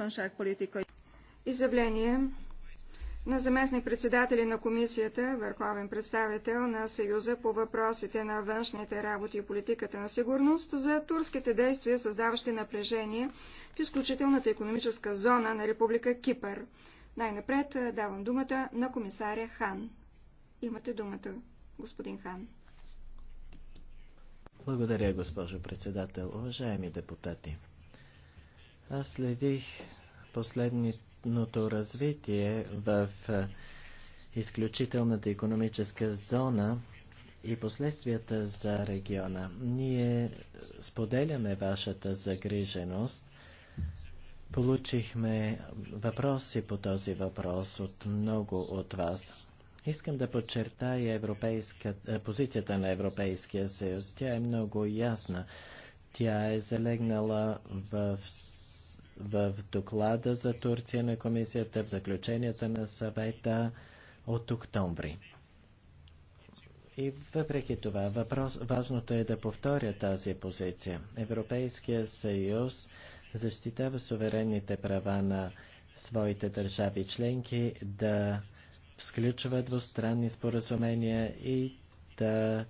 biztonságpolitikai изявление на заместник председатели на комисията, върховен представител на Съюза по въпросите на външните работи и политиката на сигурност за турските действия, създаващи напрежение в изключителната економическа зона на Република Кипър. Най-напред е, давам думата на комисаря Хан. Имате думата, господин Хан. Благодаря, госпожо председател. Уважаеми депутати, аз следих последното развитие в изключителната економическа зона и последствията за региона. Ние споделяме вашата загриженост. Получихме въпроси по този въпрос от много от вас. Искам да подчертая позицията на Европейския съюз. Тя е много ясна. Тя е залегнала в в доклада за Турция на комисията, в заключенията на съвета от октомври. И въпреки това, въпрос, важното е да повторя тази позиция. Европейския съюз защитава суверенните права на своите държави членки да сключват двустранни споразумения и да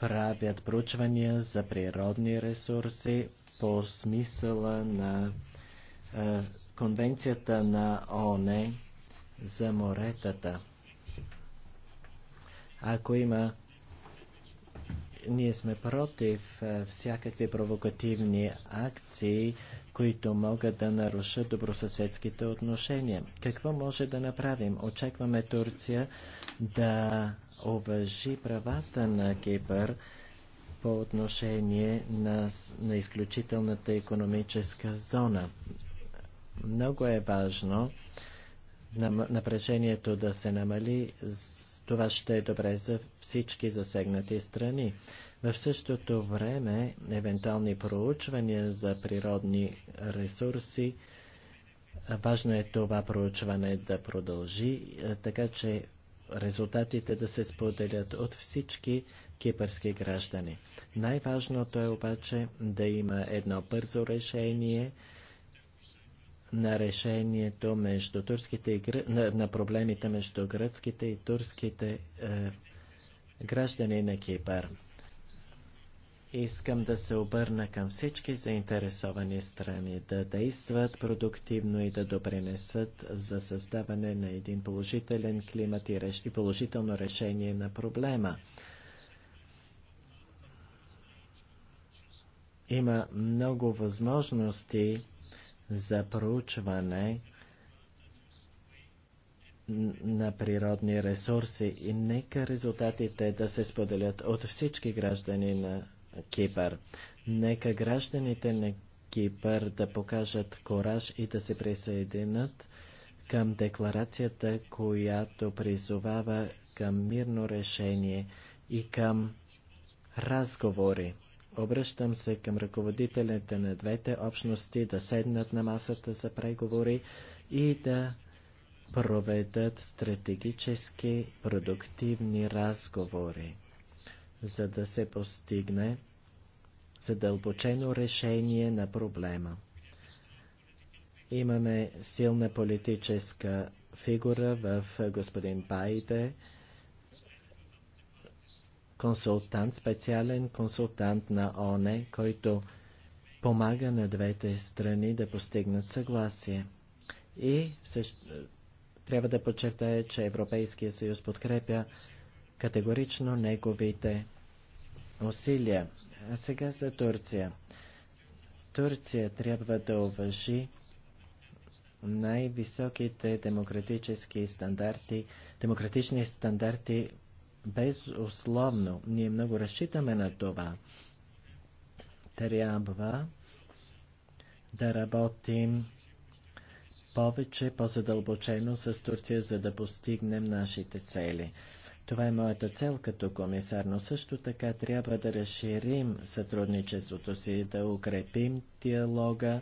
правят проучвания за природни ресурси по смисъла на е, Конвенцията на ОНЕ за моретата. Ако има ние сме против е, всякакви провокативни акции, които могат да нарушат добросъседските отношения. Какво може да направим? Очакваме Турция да уважи правата на Кипър по отношение на, на изключителната економическа зона. Много е важно напрежението да се намали. Това ще е добре за всички засегнати страни. В същото време, евентуални проучвания за природни ресурси, важно е това проучване да продължи, е, така че резултатите да се споделят от всички кипърски граждани. Най-важното е обаче да има едно бързо решение на решението между турските и, на, на проблемите между гръцките и турските е, граждани на Кипър. Искам да се обърна към всички заинтересовани страни да действат продуктивно и да допринесат за създаване на един положителен климат и, реш... и положително решение на проблема. Има много възможности за проучване на природни ресурси и нека резултатите да се споделят от всички граждани на Кипър. Нека гражданите на Кипър да покажат кораж и да се присъединят към декларацията, която призовава към мирно решение и към разговори. Обръщам се към ръководителите на двете общности да седнат на масата за преговори и да проведат стратегически продуктивни разговори за да се постигне задълбочено решение на проблема. Имаме силна политическа фигура в господин Байде, консултант, специален консултант на ОНЕ, който помага на двете страни да постигнат съгласие. И също, трябва да подчертая, че Европейския съюз подкрепя категорично неговите усилия. А сега за Турция. Турция трябва да уважи най-високите демократически стандарти, демократични стандарти безусловно. Ние много разчитаме на това. Трябва да работим повече по-задълбочено с Турция, за да постигнем нашите цели. Това е моята цел като комисар, но също така трябва да разширим сътрудничеството си, да укрепим диалога,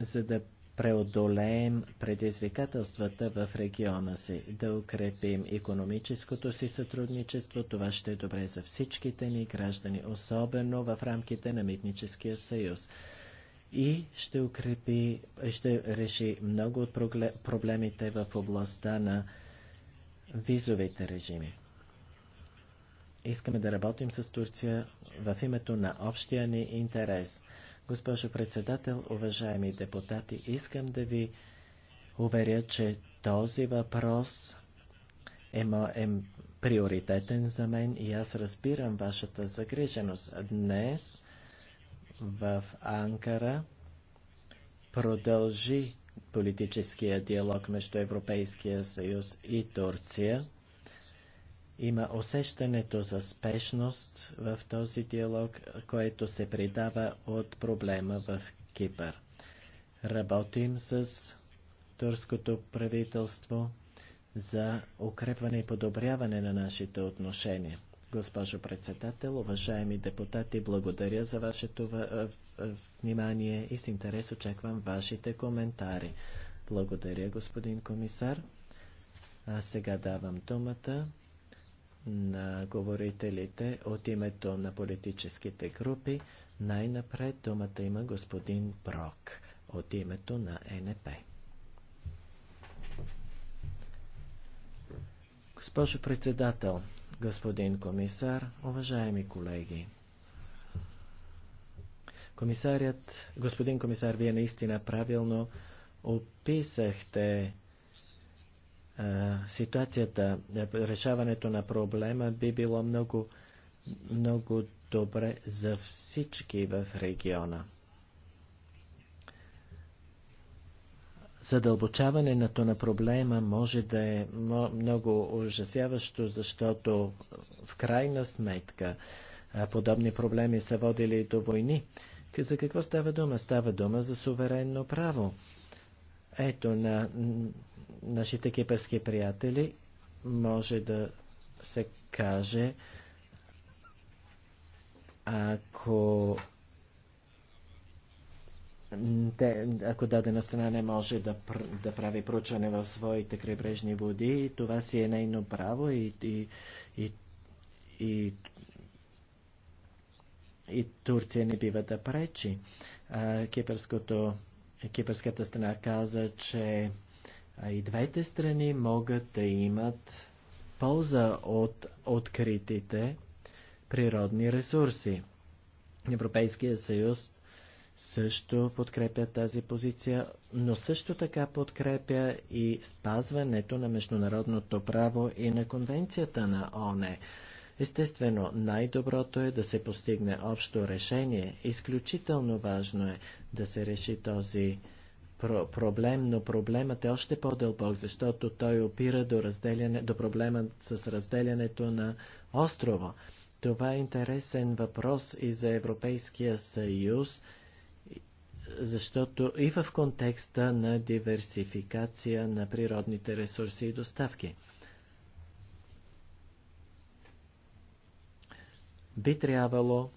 за да преодолеем предизвикателствата в региона си, да укрепим економическото си сътрудничество. Това ще е добре за всичките ни граждани, особено в рамките на Митническия съюз. И ще укрепи, ще реши много от проблемите в областта на визовите режими. Искаме да работим с Турция в името на общия ни интерес. Госпожо председател, уважаеми депутати, искам да ви уверя, че този въпрос е, е приоритетен за мен и аз разбирам вашата загриженост. Днес в Анкара продължи политическия диалог между Европейския съюз и Турция. Има усещането за спешност в този диалог, което се придава от проблема в Кипър. Работим с турското правителство за укрепване и подобряване на нашите отношения. Госпожо председател, уважаеми депутати, благодаря за вашето внимание и с интерес очаквам вашите коментари. Благодаря, господин комисар. А сега давам думата на говорителите от името на политическите групи. Най-напред думата има господин Брок от името на НП. Госпожо председател, господин комисар, уважаеми колеги. Комисарят, господин комисар, вие наистина правилно описахте а, ситуацията. Решаването на проблема би било много, много добре за всички в региона. Задълбочаването на проблема може да е много ужасяващо, защото в крайна сметка подобни проблеми са водили до войни. За какво става дума? Става дума за суверенно право. Ето на нашите кипърски приятели може да се каже, ако те, ако дадена страна не може да, да прави проучване в своите крайбрежни води, това си е нейно право и, и, и, и, и Турция не бива да пречи. А, кипърското, кипърската страна каза, че и двете страни могат да имат полза от откритите природни ресурси. Европейския съюз също подкрепя тази позиция, но също така подкрепя и спазването на международното право и на конвенцията на ОНЕ. Естествено, най-доброто е да се постигне общо решение. Изключително важно е да се реши този про- проблем, но проблемът е още по-дълбок, защото той опира до, разделяне, до проблема с разделянето на острова. Това е интересен въпрос и за Европейския съюз, защото и в контекста на диверсификация на природните ресурси и доставки. Би трябвало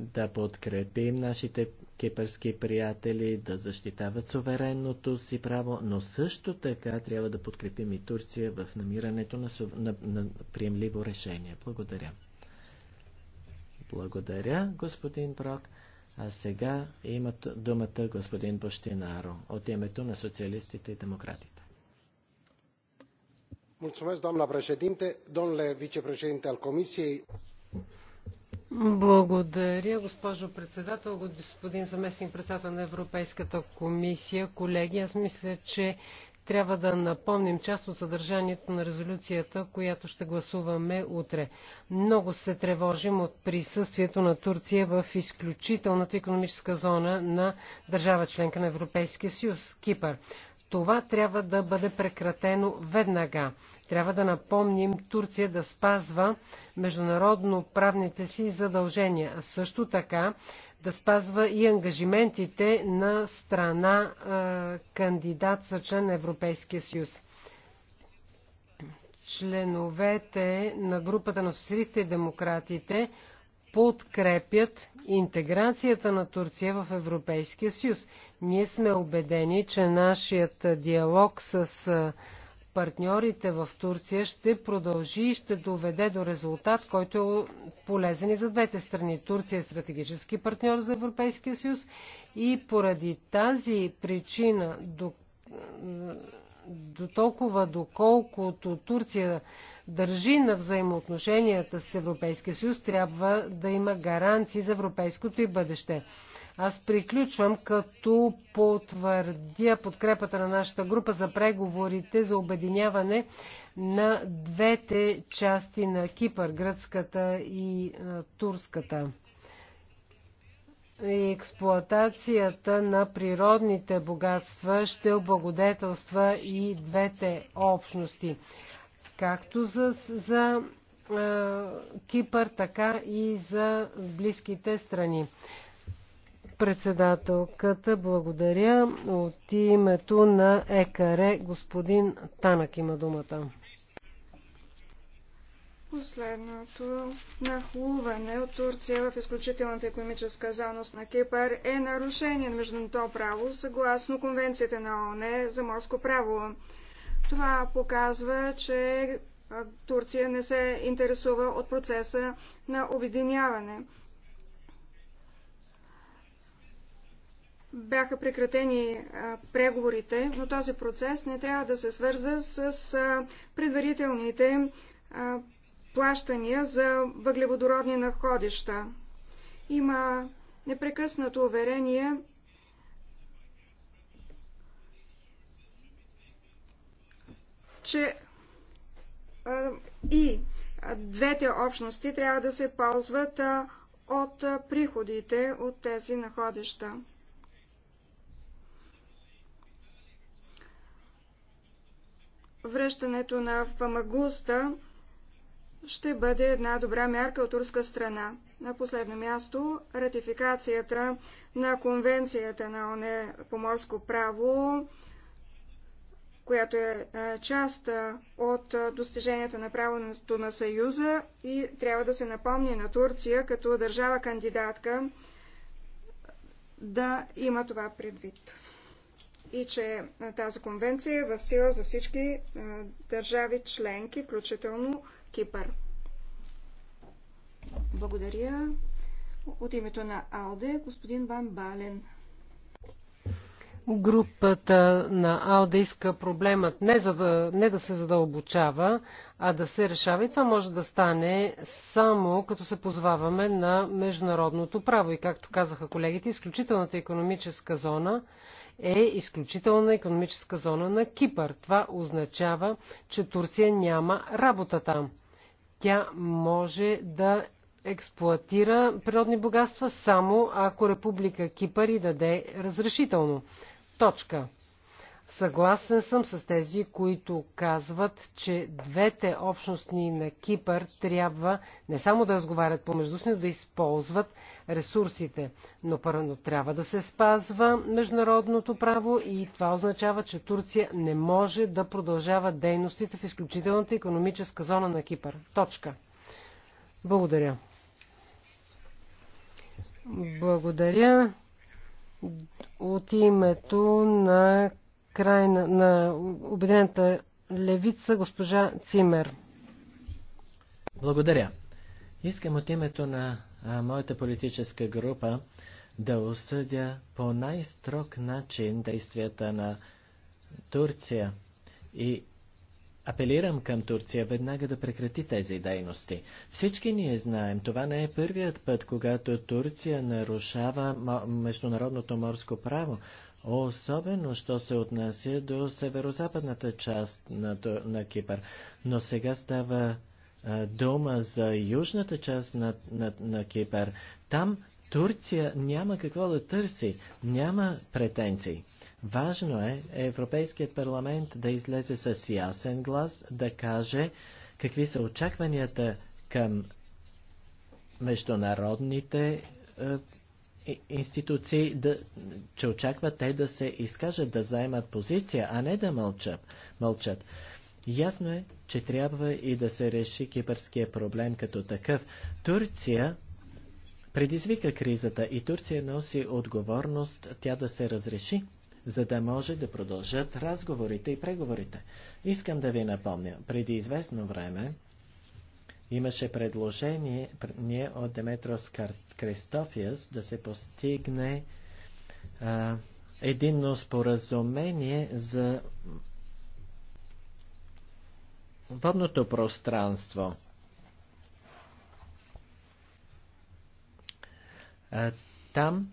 да подкрепим нашите кипърски приятели, да защитават суверенното си право, но също така трябва да подкрепим и Турция в намирането на, на, на приемливо решение. Благодаря. Благодаря, господин Брок. А сега има думата господин Бощинаро от името на социалистите и демократите. Mulțumesc, doamna președinte, domnule vicepreședinte al Comisiei. Благодаря, госпожо председател, господин заместник председател на Европейската комисия. Колеги, аз мисля, че трябва да напомним част от съдържанието на резолюцията, която ще гласуваме утре. Много се тревожим от присъствието на Турция в изключителната економическа зона на държава членка на Европейския съюз – Кипър. Това трябва да бъде прекратено веднага. Трябва да напомним Турция да спазва международно правните си задължения, а също така да спазва и ангажиментите на страна кандидат за член на Европейския съюз. Членовете на групата на социалистите и демократите подкрепят интеграцията на Турция в Европейския съюз. Ние сме убедени, че нашият диалог с партньорите в Турция ще продължи и ще доведе до резултат, който е полезен и за двете страни. Турция е стратегически партньор за Европейския съюз и поради тази причина до, до толкова доколкото Турция държи на взаимоотношенията с Европейския съюз, трябва да има гаранции за европейското и бъдеще. Аз приключвам като потвърдя подкрепата на нашата група за преговорите за обединяване на двете части на Кипър, гръцката и турската. И експлоатацията на природните богатства ще облагодетелства и двете общности, както за, за е, Кипър, така и за близките страни. Председателката, благодаря. От името на ЕКАРЕ господин Танък има думата. Последното нахлуване от Турция в изключителната економическа заност на Кипър е нарушение на международното право, съгласно Конвенцията на ООН за морско право. Това показва, че Турция не се интересува от процеса на обединяване. бяха прекратени преговорите, но този процес не трябва да се свързва с предварителните плащания за въглеводородни находища. Има непрекъснато уверение, че и двете общности трябва да се ползват от приходите от тези находища. връщането на Фамагуста ще бъде една добра мярка от турска страна. На последно място, ратификацията на Конвенцията на ОНЕ по морско право, която е, е част е, от е, достиженията на правото на Съюза и трябва да се напомни на Турция като държава кандидатка да има това предвид и че тази конвенция е в сила за всички държави членки, включително Кипър. Благодаря. От името на АЛДЕ, господин Ван Бален. Групата на АЛДЕ иска проблемът не, за да, не да се задълбочава, а да се решава. И това може да стане само като се позваваме на международното право. И както казаха колегите, изключителната економическа зона е изключителна економическа зона на Кипър. Това означава, че Турция няма работа там. Тя може да експлоатира природни богатства само ако Република Кипър и даде разрешително. Точка. Съгласен съм с тези, които казват, че двете общностни на Кипър трябва не само да разговарят помежду си, но да използват ресурсите. Но първо трябва да се спазва международното право и това означава, че Турция не може да продължава дейностите в изключителната економическа зона на Кипър. Точка. Благодаря. Благодаря. От името на край на, на Обединената левица, госпожа Цимер. Благодаря. Искам от името на а, моята политическа група да осъдя по най-строг начин действията на Турция и апелирам към Турция веднага да прекрати тези дейности. Всички ние знаем, това не е първият път, когато Турция нарушава международното морско право особено що се отнася до северо-западната част на, на Кипър. Но сега става а, дума за южната част на, на, на Кипър. Там Турция няма какво да търси, няма претенции. Важно е Европейският парламент да излезе с ясен глас, да каже какви са очакванията към международните е, институции, да, че очакват те да се изкажат, да заемат позиция, а не да мълчат. мълчат. Ясно е, че трябва и да се реши кипърския проблем като такъв. Турция предизвика кризата и Турция носи отговорност тя да се разреши, за да може да продължат разговорите и преговорите. Искам да ви напомня, преди известно време Имаше предложение от Деметрос Крестофиас да се постигне а, единно споразумение за водното пространство. А, там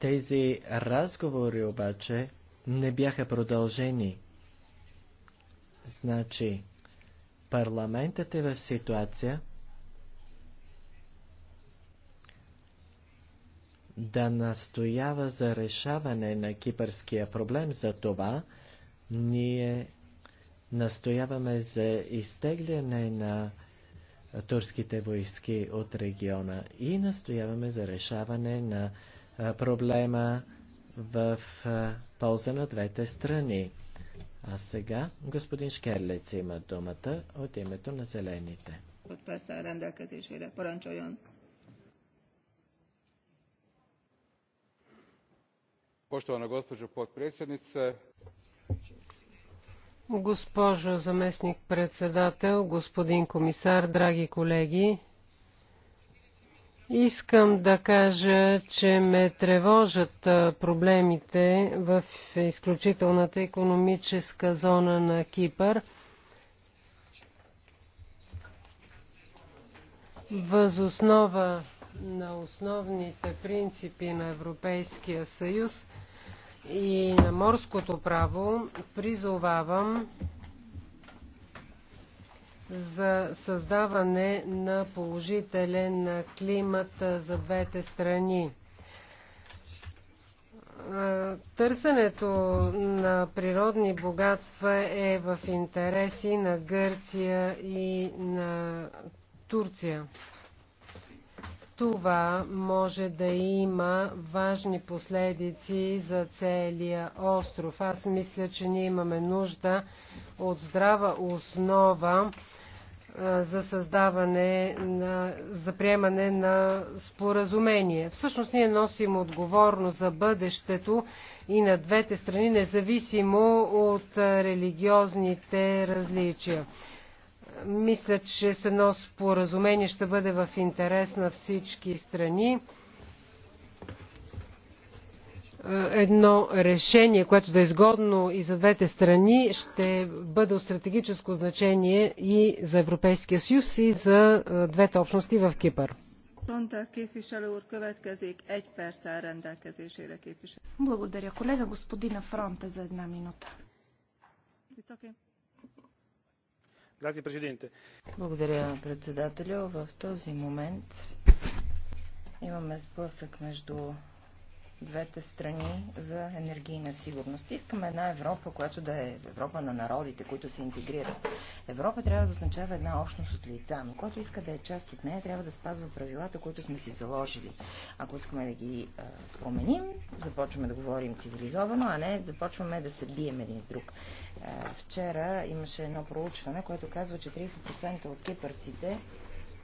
тези разговори обаче не бяха продължени. Значи, парламентът е в ситуация да настоява за решаване на кипърския проблем. За това ние настояваме за изтегляне на турските войски от региона и настояваме за решаване на проблема в полза на двете страни. А сега господин Шкерлец има думата от името на зелените. Поштована госпожо подпредседница, Госпожо заместник председател, господин комисар, драги колеги, Искам да кажа, че ме тревожат проблемите в изключителната економическа зона на Кипър. Възоснова на основните принципи на Европейския съюз и на морското право призовавам за създаване на положителен климат за двете страни. Търсенето на природни богатства е в интереси на Гърция и на Турция. Това може да има важни последици за целия остров. Аз мисля, че ние имаме нужда от здрава основа за създаване, на, за приемане на споразумение. Всъщност ние носим отговорност за бъдещето и на двете страни, независимо от религиозните различия. Мисля, че с едно споразумение ще бъде в интерес на всички страни. Е, едно решение, което да е изгодно и за двете страни, ще бъде от стратегическо значение и за Европейския съюз, и за е, двете общности в Кипър. Благодаря, колега. Господина Фронта за една минута. Благодаря, председателю. В този момент имаме сблъсък между двете страни за енергийна сигурност. Искаме една Европа, която да е Европа на народите, които се интегрират. Европа трябва да означава една общност от лица, но който иска да е част от нея, трябва да спазва правилата, които сме си заложили. Ако искаме да ги а, променим, започваме да говорим цивилизовано, а не започваме да се бием един с друг. А, вчера имаше едно проучване, което казва, че 30% от кипърците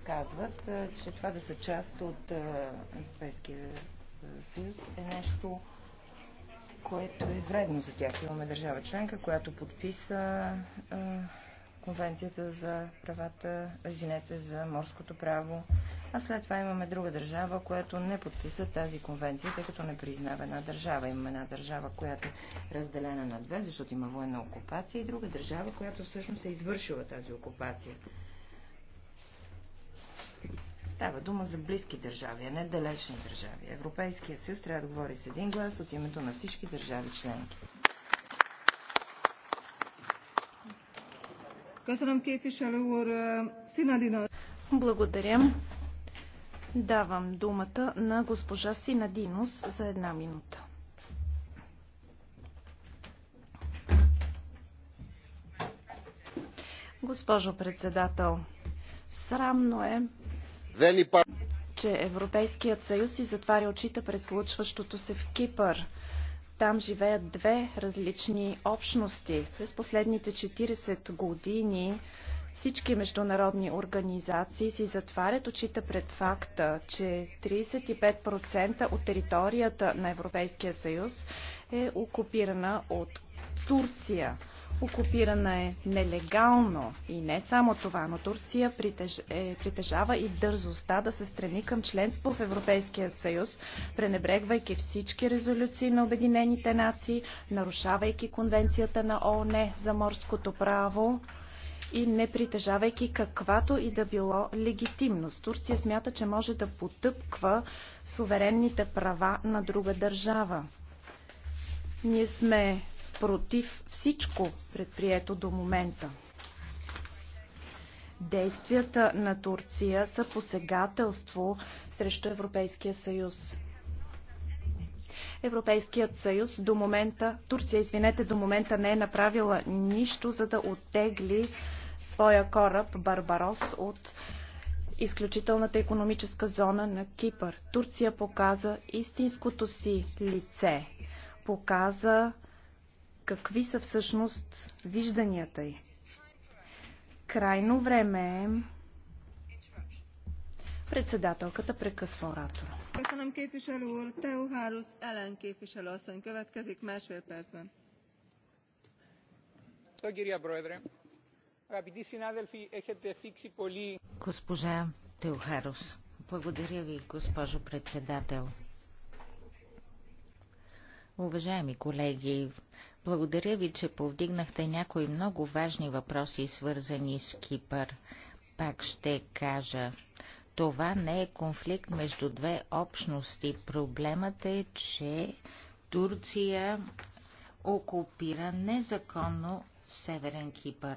казват, че това да са част от Европейския съюз е нещо, което е вредно за тях. Имаме държава членка, която подписа е, Конвенцията за правата, извинете, за морското право, а след това имаме друга държава, която не подписа тази конвенция, тъй като не признава една държава. Имаме една държава, която е разделена на две, защото има военна окупация и друга държава, която всъщност е извършила тази окупация. Става дума за близки държави, а не далечни държави. Европейския съюз трябва да говори с един глас от името на всички държави членки. Э, Благодаря. Давам думата на госпожа Синадинус за една минута. Госпожо председател, срамно е, че Европейският съюз си затваря очите пред случващото се в Кипър. Там живеят две различни общности. През последните 40 години всички международни организации си затварят очите пред факта, че 35% от територията на Европейския съюз е окупирана от Турция. Окупирана е нелегално и не само това, но Турция притеж... е, притежава и дързостта да се стреми към членство в Европейския съюз, пренебрегвайки всички резолюции на Обединените нации, нарушавайки конвенцията на ООН за морското право и не притежавайки каквато и да било легитимност. Турция смята, че може да потъпква суверенните права на друга държава. Ние сме против всичко предприето до момента. Действията на Турция са посегателство срещу Европейския съюз. Европейският съюз до момента, Турция, извинете, до момента не е направила нищо, за да оттегли своя кораб Барбарос от изключителната економическа зона на Кипър. Турция показа истинското си лице. Показа какви са всъщност вижданията й. Крайно време е председателката прекъсва оратора. Госпожа Теохарус, благодаря ви, госпожо председател. Уважаеми колеги, благодаря ви, че повдигнахте някои много важни въпроси, свързани с Кипър. Пак ще кажа, това не е конфликт между две общности. Проблемът е, че Турция окупира незаконно Северен Кипър.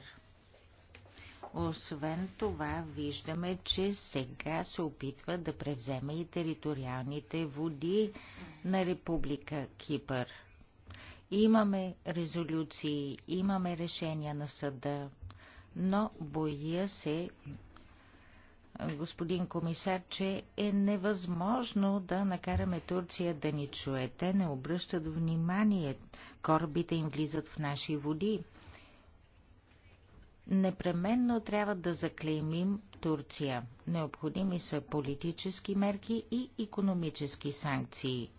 Освен това, виждаме, че сега се опитва да превземе и териториалните води на Република Кипър. Имаме резолюции, имаме решения на съда, но боя се, господин комисар, че е невъзможно да накараме Турция да ни чуе. Те не обръщат внимание. Корабите им влизат в наши води. Непременно трябва да заклеймим Турция. Необходими са политически мерки и економически санкции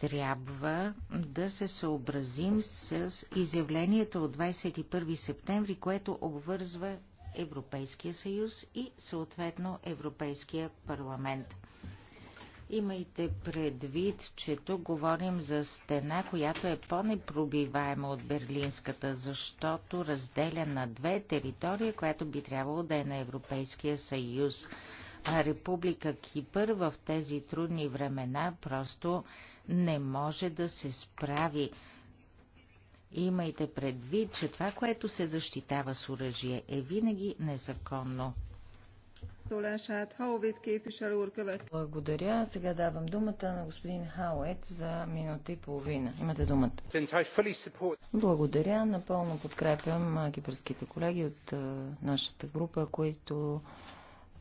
трябва да се съобразим с изявлението от 21 септември, което обвързва Европейския съюз и съответно Европейския парламент. Имайте предвид, че тук говорим за стена, която е по-непробиваема от Берлинската, защото разделя на две територии, която би трябвало да е на Европейския съюз. А Република Кипър в тези трудни времена просто не може да се справи. Имайте предвид, че това, което се защитава с оръжие, е винаги незаконно. Благодаря. Сега давам думата на господин Хаует за минута и половина. Имате думата. Благодаря. Напълно подкрепям кипърските колеги от е, нашата група, които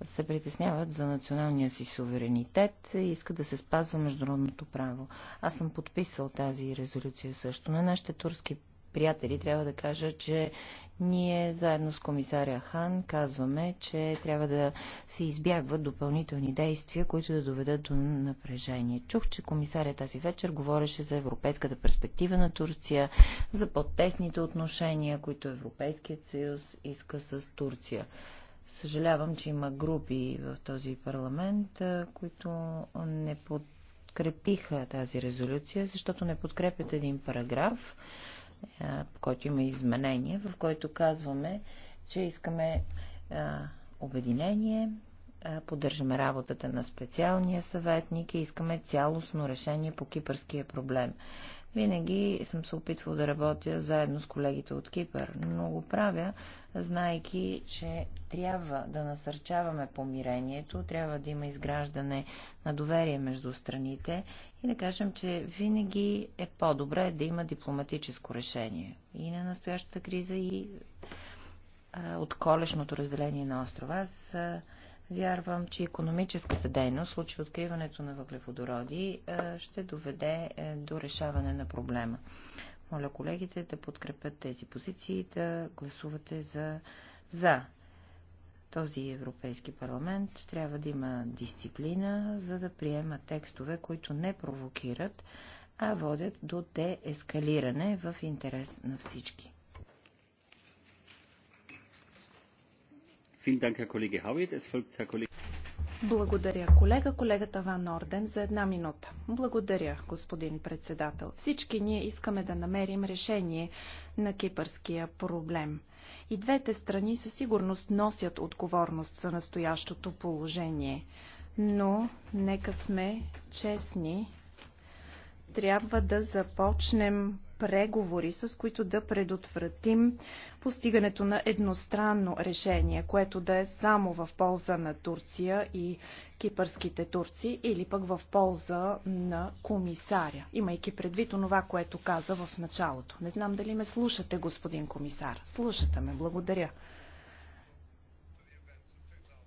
се притесняват за националния си суверенитет и искат да се спазва международното право. Аз съм подписал тази резолюция също. На нашите турски приятели трябва да кажа, че ние заедно с комисаря Хан казваме, че трябва да се избягват допълнителни действия, които да доведат до напрежение. Чух, че комисаря тази вечер говореше за европейската перспектива на Турция, за по-тесните отношения, които Европейският съюз иска с Турция. Съжалявам, че има групи в този парламент, които не подкрепиха тази резолюция, защото не подкрепят един параграф, който има изменение, в който казваме, че искаме обединение, поддържаме работата на специалния съветник и искаме цялостно решение по кипърския проблем. Винаги съм се опитвал да работя заедно с колегите от Кипър, но го правя, знайки, че трябва да насърчаваме помирението, трябва да има изграждане на доверие между страните и да кажем, че винаги е по-добре да има дипломатическо решение и на настоящата криза и от колешното разделение на острова. Аз Вярвам, че економическата дейност, случай откриването на въглеводороди, е, ще доведе е, до решаване на проблема. Моля колегите да подкрепят тези позиции и да гласувате за, за този Европейски парламент трябва да има дисциплина, за да приема текстове, които не провокират, а водят до деескалиране в интерес на всички. Благодаря, колега. Колегата Ван Орден за една минута. Благодаря, господин председател. Всички ние искаме да намерим решение на кипърския проблем. И двете страни със сигурност носят отговорност за настоящото положение. Но нека сме честни трябва да започнем преговори, с които да предотвратим постигането на едностранно решение, което да е само в полза на Турция и кипърските турци или пък в полза на комисаря, имайки предвид онова, което каза в началото. Не знам дали ме слушате, господин комисар. Слушате ме, благодаря.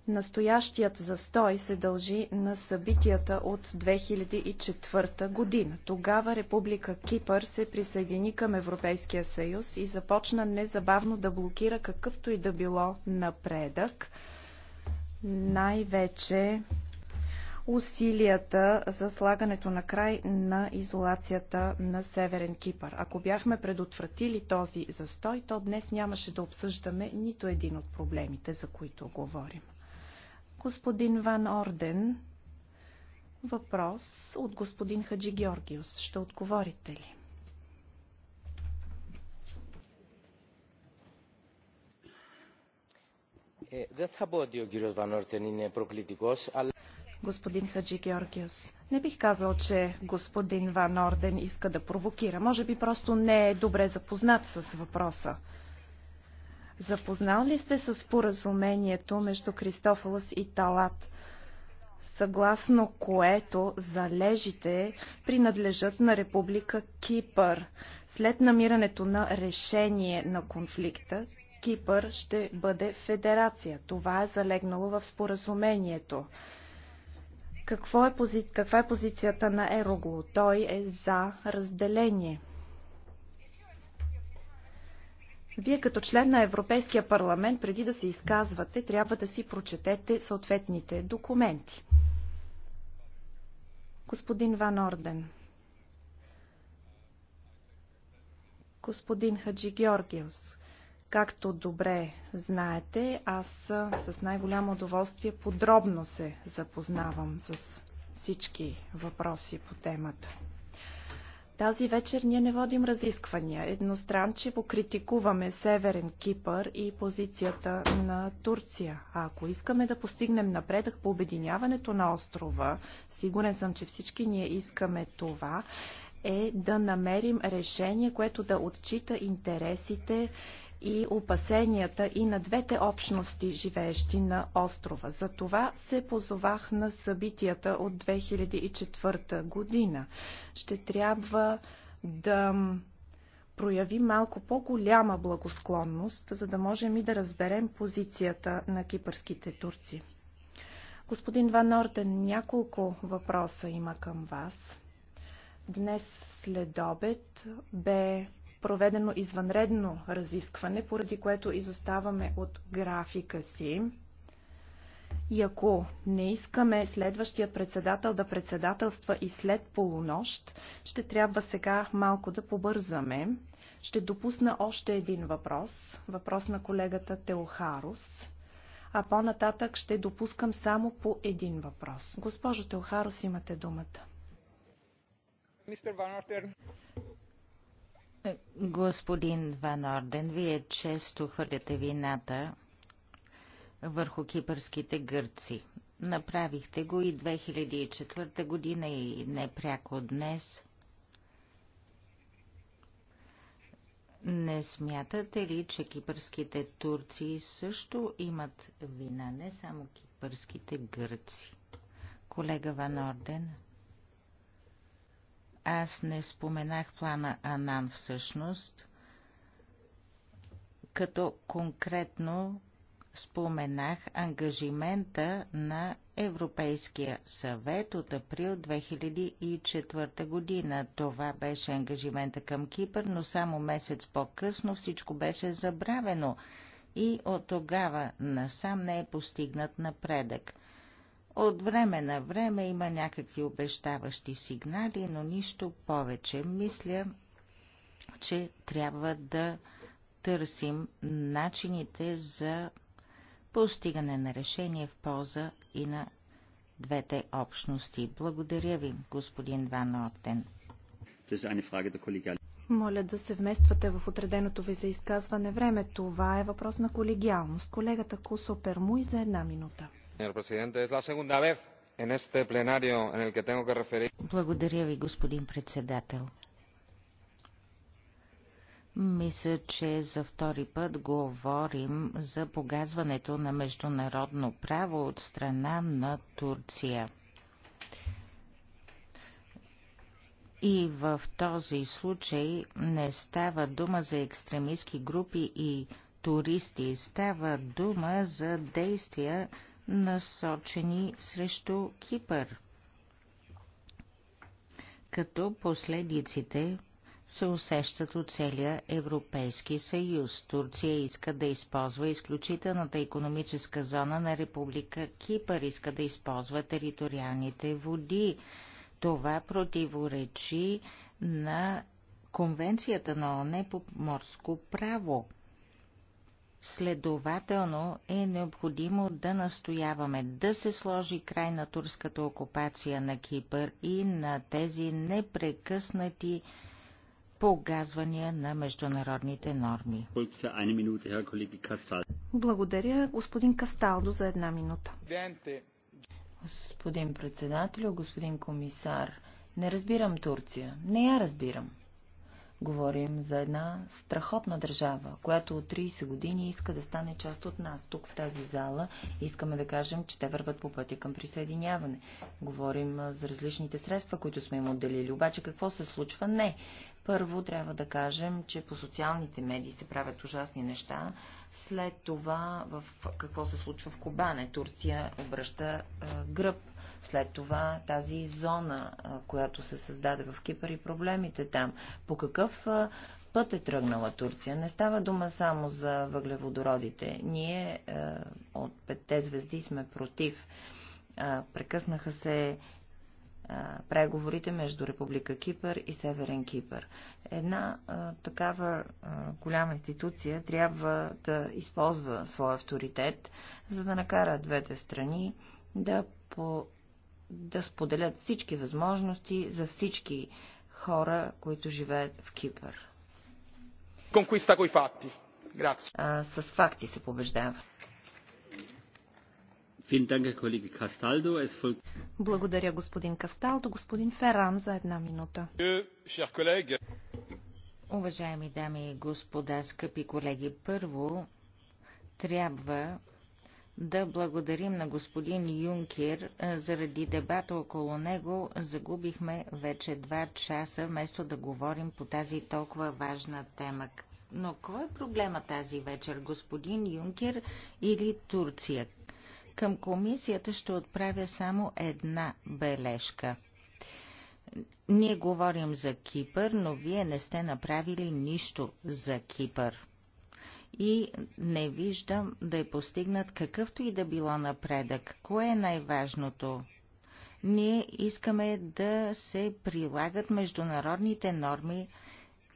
Настоящият застой се дължи на събитията от 2004 година. Тогава Република Кипър се присъедини към Европейския съюз и започна незабавно да блокира какъвто и да било напредък, най-вече усилията за слагането на край на изолацията на Северен Кипър. Ако бяхме предотвратили този застой, то днес нямаше да обсъждаме нито един от проблемите, за които говорим. Господин Ван Орден, въпрос от господин Хаджи Георгиус. Ще отговорите ли? Е, е господин Хаджи Георгиус. Не бих казал, че господин Ван Орден иска да провокира. Може би просто не е добре запознат с въпроса. Запознал ли сте с споразумението между Кристофолос и Талат, съгласно което залежите принадлежат на Република Кипър? След намирането на решение на конфликта, Кипър ще бъде федерация. Това е залегнало в споразумението. Какво е пози... Каква е позицията на Ерогло? Той е за разделение. Вие като член на Европейския парламент, преди да се изказвате, трябва да си прочетете съответните документи. Господин Ван Орден. Господин Хаджи Георгиус. Както добре знаете, аз с най-голямо удоволствие подробно се запознавам с всички въпроси по темата. Тази вечер ние не водим разисквания. Едностранчиво критикуваме Северен Кипър и позицията на Турция. А ако искаме да постигнем напредък по обединяването на острова, сигурен съм, че всички ние искаме това, е да намерим решение, което да отчита интересите и опасенията и на двете общности, живеещи на острова. За това се позовах на събитията от 2004 година. Ще трябва да прояви малко по-голяма благосклонност, за да можем и да разберем позицията на кипърските турци. Господин Ван Орден, няколко въпроса има към вас. Днес след обед бе проведено извънредно разискване, поради което изоставаме от графика си. И ако не искаме следващия председател да председателства и след полунощ, ще трябва сега малко да побързаме. Ще допусна още един въпрос, въпрос на колегата Теохарус, а по-нататък ще допускам само по един въпрос. Госпожо Теохарус, имате думата. Господин Ван Орден, вие често хвърляте вината върху кипърските гърци. Направихте го и 2004 година и непряко днес. Не смятате ли, че кипърските турци също имат вина, не само кипърските гърци? Колега Ван Орден. Аз не споменах плана Анан всъщност, като конкретно споменах ангажимента на Европейския съвет от април 2004 година. Това беше ангажимента към Кипър, но само месец по-късно всичко беше забравено и от тогава насам не е постигнат напредък. От време на време има някакви обещаващи сигнали, но нищо повече. Мисля, че трябва да търсим начините за постигане на решение в полза и на двете общности. Благодаря ви, господин Ван Оптен. Моля да се вмествате в отреденото ви за изказване време. Това е въпрос на колегиалност. Колегата Кусо и за една минута. Señor presidente, es la segunda vez en este plenario en el que tengo que referir. Благодаря ви, господин председател. Мисля, че за втори път говорим за погазването на международно право от страна на Турция. И в този случай не става дума за екстремистски групи и туристи, става дума за действия насочени срещу Кипър. Като последиците се усещат от целия Европейски съюз. Турция иска да използва изключителната економическа зона на Република Кипър, иска да използва териториалните води. Това противоречи на Конвенцията на ОНЕ по морско право – Следователно е необходимо да настояваме да се сложи край на турската окупация на Кипър и на тези непрекъснати погазвания на международните норми. Благодаря, господин Касталдо, за една минута. Господин председател, господин комисар, не разбирам Турция. Не я разбирам. Говорим за една страхотна държава, която от 30 години иска да стане част от нас. Тук в тази зала искаме да кажем, че те върват по пътя към присъединяване. Говорим за различните средства, които сме им отделили. Обаче какво се случва? Не. Първо трябва да кажем, че по социалните медии се правят ужасни неща. След това в какво се случва в Кобане. Турция обръща гръб след това тази зона, която се създаде в Кипър и проблемите там. По какъв път е тръгнала Турция? Не става дума само за въглеводородите. Ние от петте звезди сме против. прекъснаха се преговорите между Република Кипър и Северен Кипър. Една а, такава а, голяма институция трябва да използва своя авторитет, за да накара двете страни да по да споделят всички възможности за всички хора, които живеят в Кипър. Конкуиста кои факти. А, с факти се побеждава. Благодаря, господин Касталдо. Господин Феран за една минута. Уважаеми дами и господа, скъпи колеги, първо трябва да благодарим на господин Юнкер. Заради дебата около него загубихме вече два часа, вместо да говорим по тази толкова важна тема. Но кой е проблема тази вечер, господин Юнкер или Турция? Към комисията ще отправя само една бележка. Ние говорим за Кипър, но вие не сте направили нищо за Кипър и не виждам да е постигнат какъвто и да било напредък. Кое е най-важното? Ние искаме да се прилагат международните норми,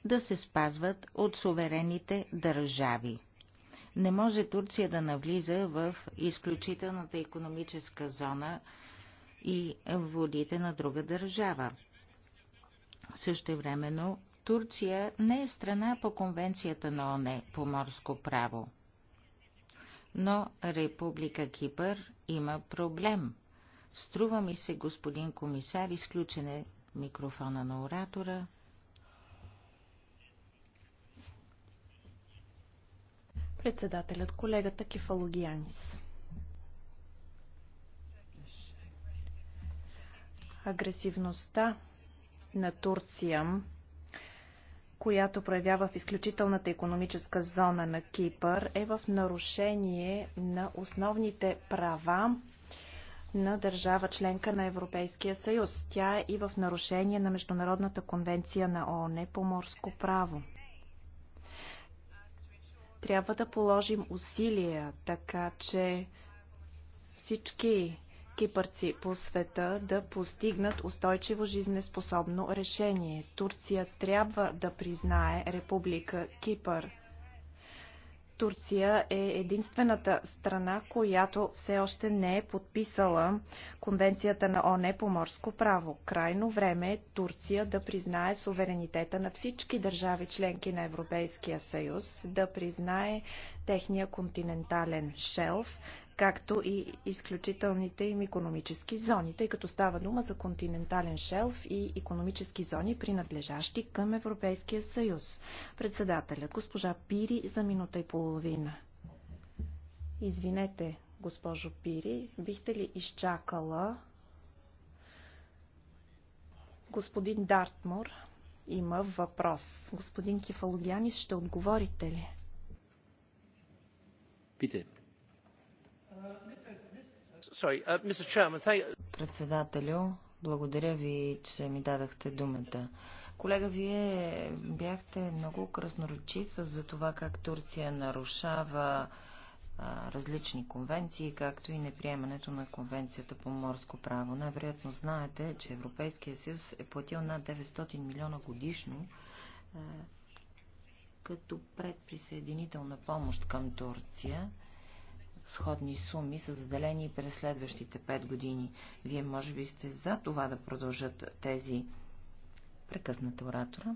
да се спазват от суверените държави. Не може Турция да навлиза в изключителната економическа зона и водите на друга държава. времено Турция не е страна по Конвенцията на ОНЕ по морско право. Но Република Кипър има проблем. Струва ми се, господин комисар, изключене микрофона на оратора. Председателят колегата Кефалогианис. Агресивността на Турция която проявява в изключителната економическа зона на Кипър, е в нарушение на основните права на държава членка на Европейския съюз. Тя е и в нарушение на Международната конвенция на ООН по морско право. Трябва да положим усилия, така че всички кипърци по света да постигнат устойчиво жизнеспособно решение. Турция трябва да признае Република Кипър. Турция е единствената страна, която все още не е подписала Конвенцията на ОНЕ по морско право. Крайно време е Турция да признае суверенитета на всички държави членки на Европейския съюз, да признае техния континентален шелф, както и изключителните им економически зони, тъй като става дума за континентален шелф и економически зони, принадлежащи към Европейския съюз. Председателя, госпожа Пири, за минута и половина. Извинете, госпожо Пири, бихте ли изчакала господин Дартмур? Има въпрос. Господин Кефалогянис, ще отговорите ли? Питай. Uh, Председателю, благодаря ви, че ми дадахте думата. Колега, вие бяхте много красноречив за това как Турция нарушава а, различни конвенции, както и неприемането на конвенцията по морско право. Най-вероятно знаете, че Европейския съюз е платил над 900 милиона годишно а, като предприсъединителна помощ към Турция сходни суми са заделени през следващите 5 години. Вие може би сте за това да продължат тези прекъсната оратора.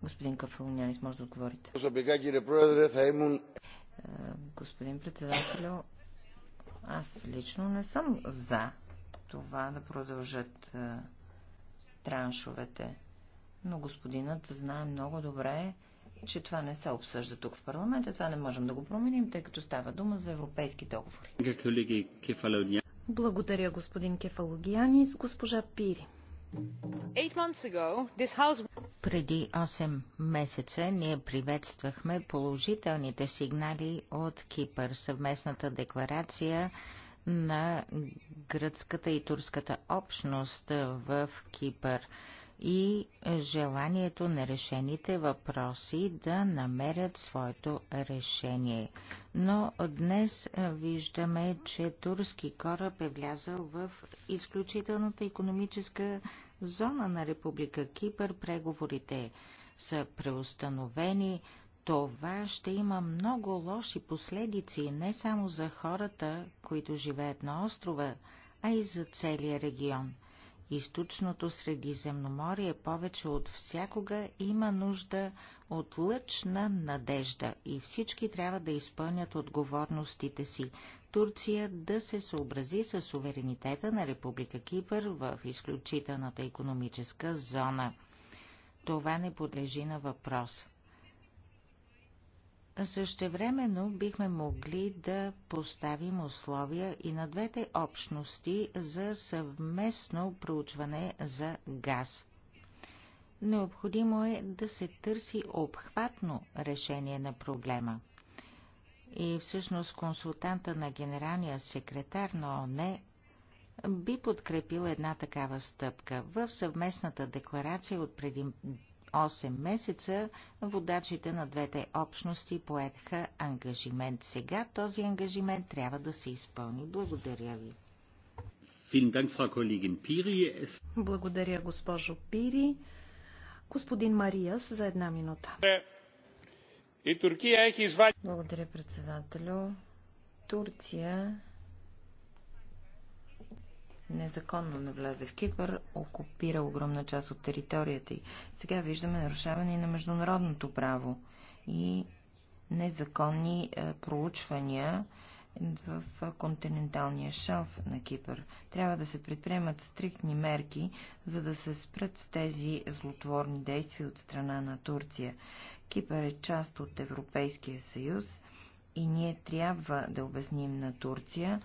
Господин Кефалонианис, може да отговорите. Е, господин председател, аз лично не съм за това да продължат е, траншовете. Но господинът знае много добре, че това не се обсъжда тук в парламента. Това не можем да го променим, тъй като става дума за европейски договори. Благодаря, господин Кефалогианис. Госпожа Пири. Преди 8 месеца ние приветствахме положителните сигнали от Кипър. Съвместната декларация на гръцката и турската общност в Кипър и желанието на решените въпроси да намерят своето решение. Но днес виждаме, че турски кораб е влязал в изключителната економическа зона на Република Кипър. Преговорите са преустановени. Това ще има много лоши последици не само за хората, които живеят на острова, а и за целия регион – източното Средиземноморие повече от всякога има нужда от лъчна надежда и всички трябва да изпълнят отговорностите си. Турция да се съобрази с суверенитета на Република Кипър в изключителната економическа зона. Това не подлежи на въпрос. Същевременно бихме могли да поставим условия и на двете общности за съвместно проучване за газ. Необходимо е да се търси обхватно решение на проблема. И всъщност консултанта на генералния секретар на ОНЕ би подкрепил една такава стъпка. В съвместната декларация от преди 8 месеца водачите на двете общности поетха ангажимент. Сега този ангажимент трябва да се изпълни. Благодаря ви. Благодаря, госпожо Пири. Господин Мариас за една минута. Е Благодаря, председателю. Турция незаконно навлезе в Кипър, окупира огромна част от територията й. Сега виждаме нарушаване на международното право и незаконни е, проучвания в континенталния шелф на Кипър. Трябва да се предприемат стриктни мерки, за да се спрат с тези злотворни действия от страна на Турция. Кипър е част от Европейския съюз и ние трябва да обясним на Турция,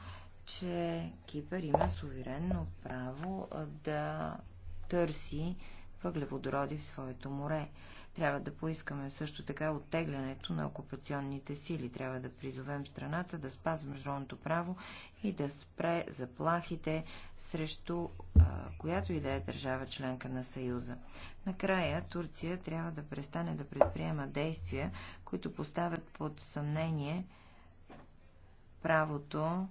че Кипър има суверенно право да търси въглеводороди в своето море. Трябва да поискаме също така оттеглянето на окупационните сили. Трябва да призовем страната да спазва международното право и да спре заплахите срещу а, която и да е държава членка на Съюза. Накрая Турция трябва да престане да предприема действия, които поставят под съмнение правото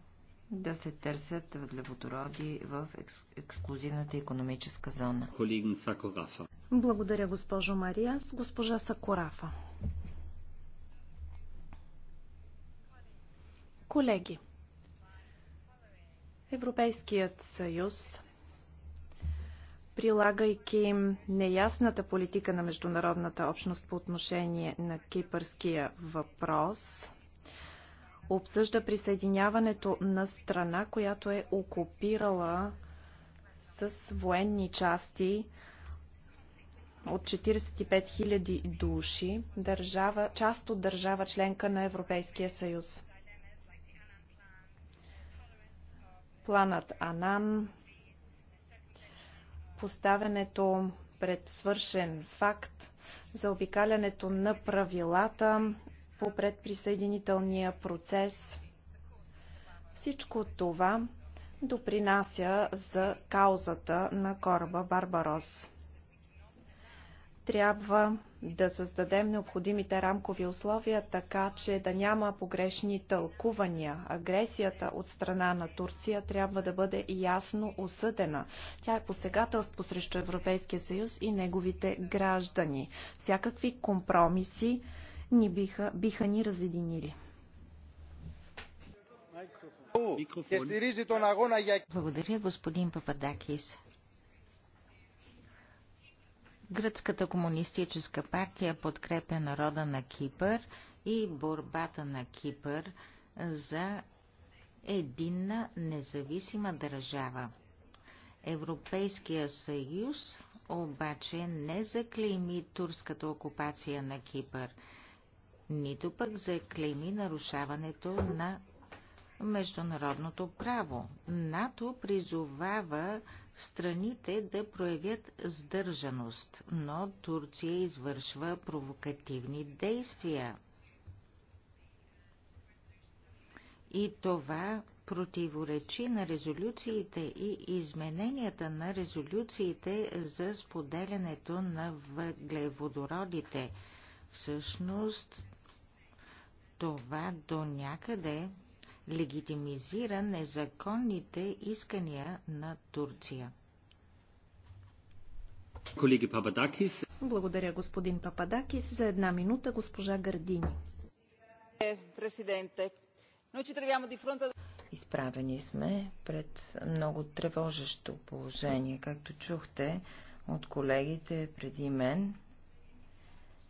да се търсят въглеводороди в ексклюзивната економическа зона. Благодаря, госпожо Мариас. Госпожа Сакорафа. Колеги, Европейският съюз, прилагайки неясната политика на международната общност по отношение на кипърския въпрос, обсъжда присъединяването на страна, която е окупирала с военни части от 45 000 души, държава, част от държава членка на Европейския съюз. Планът Анан, поставянето пред свършен факт, заобикалянето на правилата, по предприсъединителния процес. Всичко това допринася за каузата на кораба Барбарос. Трябва да създадем необходимите рамкови условия, така че да няма погрешни тълкувания. Агресията от страна на Турция трябва да бъде ясно осъдена. Тя е посегателство срещу Европейския съюз и неговите граждани. Всякакви компромиси ни биха, биха ни разединили. Благодаря, господин Пападакис. Гръцката комунистическа партия подкрепя народа на Кипър и борбата на Кипър за единна независима държава. Европейския съюз обаче не заклейми турската окупация на Кипър – нито пък заклейми нарушаването на международното право. НАТО призовава страните да проявят сдържаност, но Турция извършва провокативни действия. И това противоречи на резолюциите и измененията на резолюциите за споделянето на въглеводородите. Всъщност, това до някъде легитимизира незаконните искания на Турция. Колеги Пападакис. Благодаря, господин Пападакис. За една минута госпожа Гардини. Изправени сме пред много тревожещо положение. Както чухте от колегите преди мен,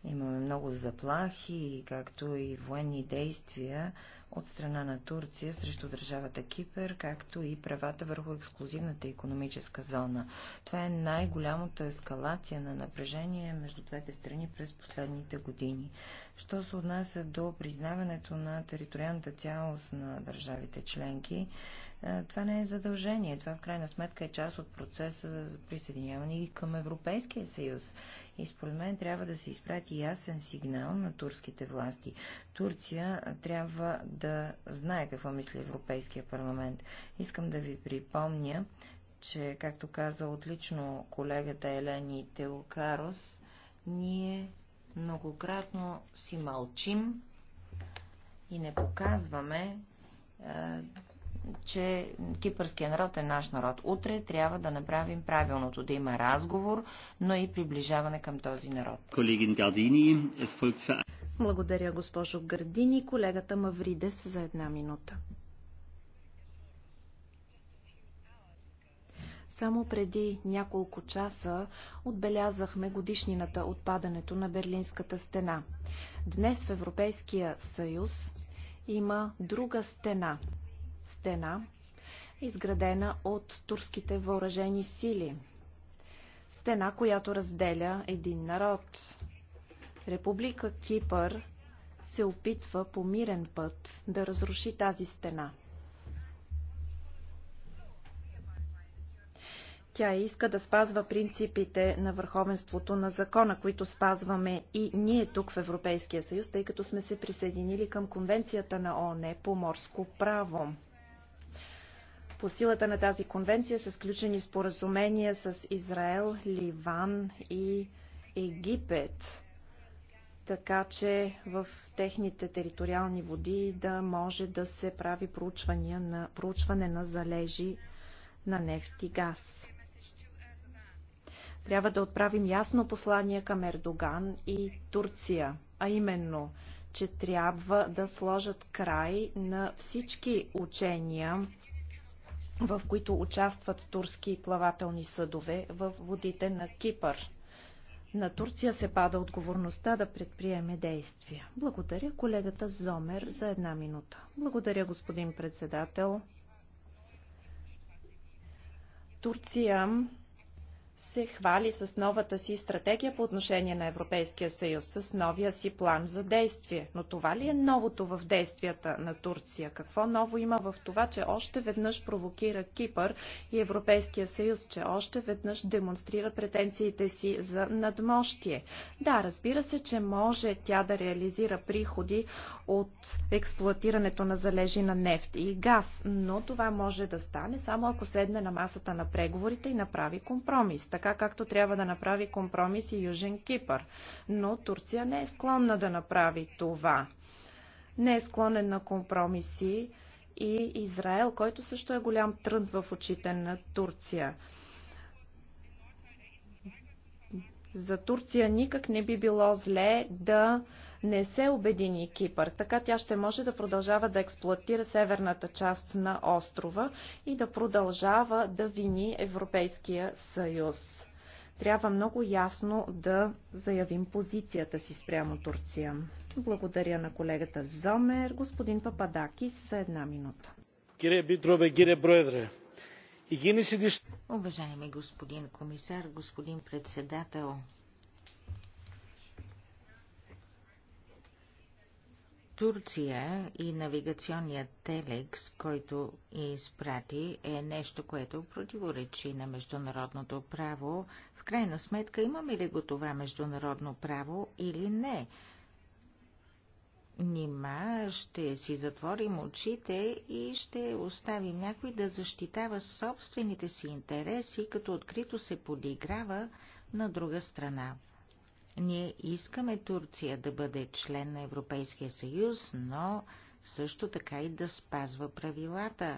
Имаме много заплахи, както и военни действия от страна на Турция срещу държавата Кипер, както и правата върху ексклюзивната економическа зона. Това е най-голямата ескалация на напрежение между двете страни през последните години. Що се отнася до признаването на териториалната цялост на държавите членки, е, това не е задължение. Това в крайна сметка е част от процеса за присъединяване и към Европейския съюз. И според мен трябва да се изпрати ясен сигнал на турските власти. Турция трябва да знае какво мисли Европейския парламент. Искам да ви припомня, че, както каза отлично колегата Елени Теокарос, ние многократно си мълчим и не показваме е, че кипърския народ е наш народ. Утре трябва да направим правилното, да има разговор, но и приближаване към този народ. Колегин Гардини, е Благодаря, госпожо Гардини. Колегата Мавридес за една минута. Само преди няколко часа отбелязахме годишнината от падането на Берлинската стена. Днес в Европейския съюз има друга стена стена, изградена от турските въоръжени сили. Стена, която разделя един народ. Република Кипър се опитва по мирен път да разруши тази стена. Тя иска да спазва принципите на върховенството на закона, които спазваме и ние тук в Европейския съюз, тъй като сме се присъединили към Конвенцията на ООН по морско право. По силата на тази конвенция са сключени споразумения с Израел, Ливан и Египет, така че в техните териториални води да може да се прави проучване на, проучване на залежи на нефт и газ. Трябва да отправим ясно послание към Ердоган и Турция, а именно, че трябва да сложат край на всички учения в които участват турски плавателни съдове в водите на Кипър. На Турция се пада отговорността да предприеме действия. Благодаря колегата Зомер за една минута. Благодаря, господин председател. Турция се хвали с новата си стратегия по отношение на Европейския съюз, с новия си план за действие. Но това ли е новото в действията на Турция? Какво ново има в това, че още веднъж провокира Кипър и Европейския съюз, че още веднъж демонстрира претенциите си за надмощие? Да, разбира се, че може тя да реализира приходи от експлуатирането на залежи на нефт и газ, но това може да стане само ако седне на масата на преговорите и направи компромис така както трябва да направи компромис и Южен Кипър. Но Турция не е склонна да направи това. Не е склонен на компромиси и Израел, който също е голям трънт в очите на Турция. За Турция никак не би било зле да не се обедини Кипър. Така тя ще може да продължава да експлуатира северната част на острова и да продължава да вини Европейския съюз. Трябва много ясно да заявим позицията си спрямо Турция. Благодаря на колегата Зомер, господин Пападакис за една минута. Кире Битрове, кире Броедре. Уважаеми господин комисар, господин председател, Турция и навигационният телекс, който изпрати, е нещо, което противоречи на международното право. В крайна сметка имаме ли го това международно право или не? Нима ще си затворим очите и ще оставим някой да защитава собствените си интереси, като открито се подиграва на друга страна. Ние искаме Турция да бъде член на Европейския съюз, но също така и да спазва правилата.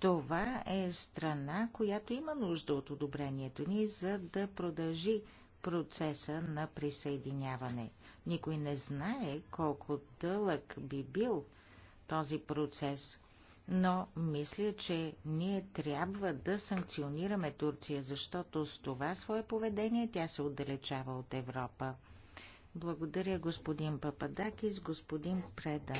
Това е страна, която има нужда от одобрението ни, за да продължи процеса на присъединяване – никой не знае колко дълъг би бил този процес, но мисля, че ние трябва да санкционираме Турция, защото с това свое поведение тя се отдалечава от Европа. Благодаря господин Пападакис, господин Преда.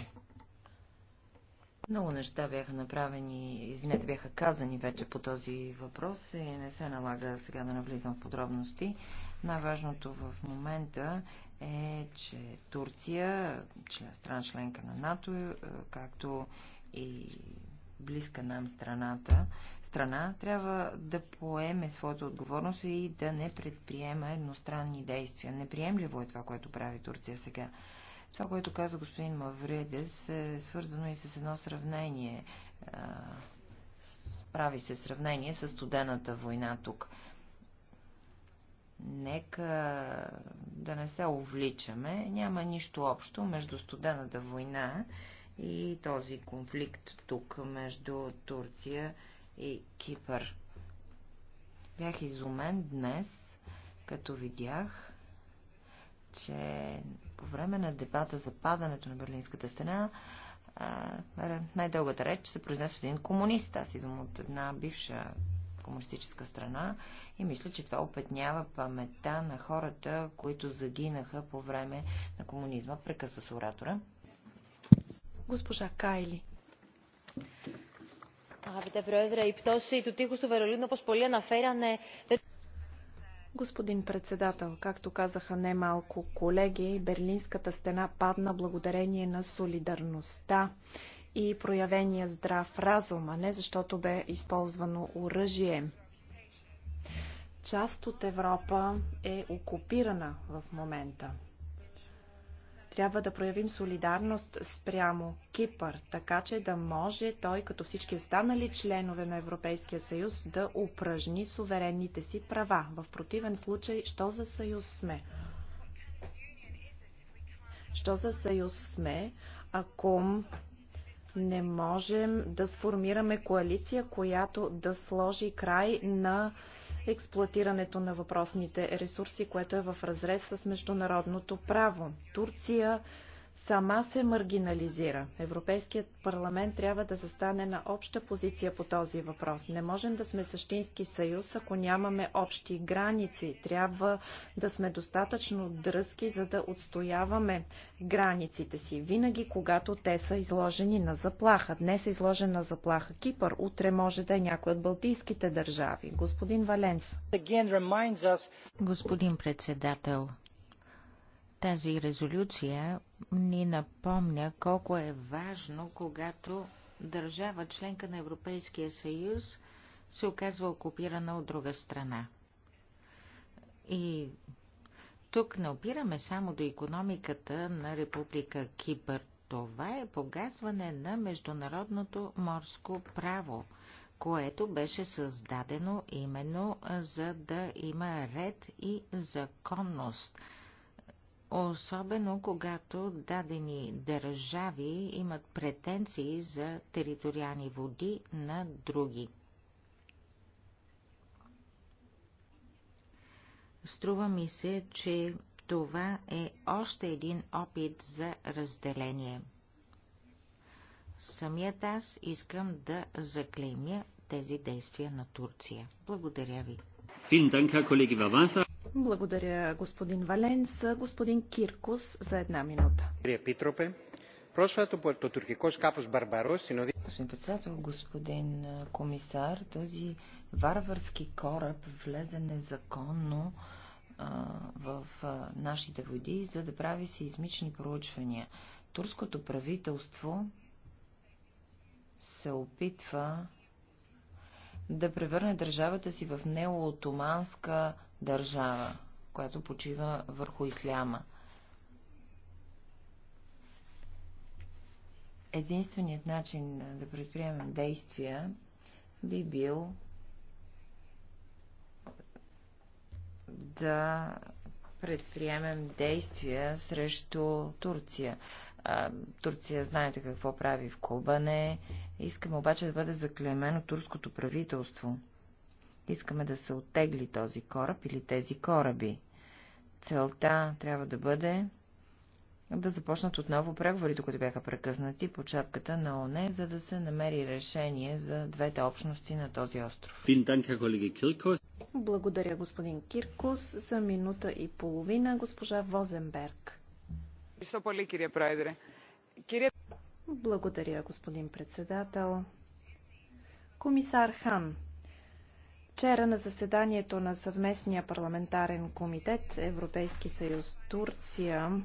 Много неща бяха направени, извинете, бяха казани вече по този въпрос и не се налага сега да навлизам в подробности. Най-важното в момента е, че Турция, член, стран членка на НАТО, е, е, както и близка нам страната, страна, трябва да поеме своята отговорност и да не предприема едностранни действия. Неприемливо е това, което прави Турция сега. Това, което каза господин Мавредес, е свързано и с едно сравнение. Прави се сравнение с студената война тук. Нека да не се увличаме. Няма нищо общо между студената война и този конфликт тук между Турция и Кипър. Бях изумен днес, като видях, че по време на дебата за падането на Берлинската стена най-дългата реч се произнесе един комунист. Аз изум от една бивша комунистическа страна и мисля, че това опетнява паметта на хората, които загинаха по време на комунизма. Прекъсва се оратора. Госпожа Кайли. Αγαπητέ Πρόεδρε, и птоси и τείχους του Βερολίνου, όπως πολλοί Господин председател, както казаха немалко колеги, Берлинската стена падна благодарение на солидарността и проявения здрав разум, а не защото бе използвано оръжие. Част от Европа е окупирана в момента. Трябва да проявим солидарност спрямо Кипър, така че да може той, като всички останали членове на Европейския съюз, да упражни суверенните си права. В противен случай, що за съюз сме? Що за съюз сме, ако не можем да сформираме коалиция, която да сложи край на експлуатирането на въпросните ресурси, което е в разрез с международното право. Турция сама се маргинализира. Европейският парламент трябва да застане на обща позиция по този въпрос. Не можем да сме същински съюз, ако нямаме общи граници. Трябва да сме достатъчно дръзки, за да отстояваме границите си, винаги когато те са изложени на заплаха. Днес е изложена на заплаха Кипър, утре може да е някой от балтийските държави. Господин Валенс. Господин председател, тази резолюция ни напомня колко е важно, когато държава членка на Европейския съюз се оказва окупирана от друга страна. И тук не опираме само до економиката на Република Кипър. Това е погазване на международното морско право, което беше създадено именно за да има ред и законност – особено когато дадени държави имат претенции за териториални води на други. Струва ми се, че това е още един опит за разделение. Самият аз искам да заклеймя тези действия на Турция. Благодаря ви. Благодаря, господин Валенс. Господин Киркус, за една минута. Господин председател, господин комисар, този варварски кораб влезе незаконно в нашите води, за да прави сеизмични проучвания. Турското правителство се опитва да превърне държавата си в неоотоманска държава, която почива върху исляма. Единственият начин да предприемем действия би бил да предприемем действия срещу Турция. Турция знаете какво прави в Кубане. Искам обаче да бъде заклемено турското правителство. Искаме да се оттегли този кораб или тези кораби. Целта трябва да бъде да започнат отново преговорите, които бяха прекъснати по чапката на ОНЕ, за да се намери решение за двете общности на този остров. Благодаря, господин Киркос. За минута и половина госпожа Возенберг. Благодаря, господин председател. Комисар Хан, Вчера на заседанието на съвместния парламентарен комитет Европейски съюз Турция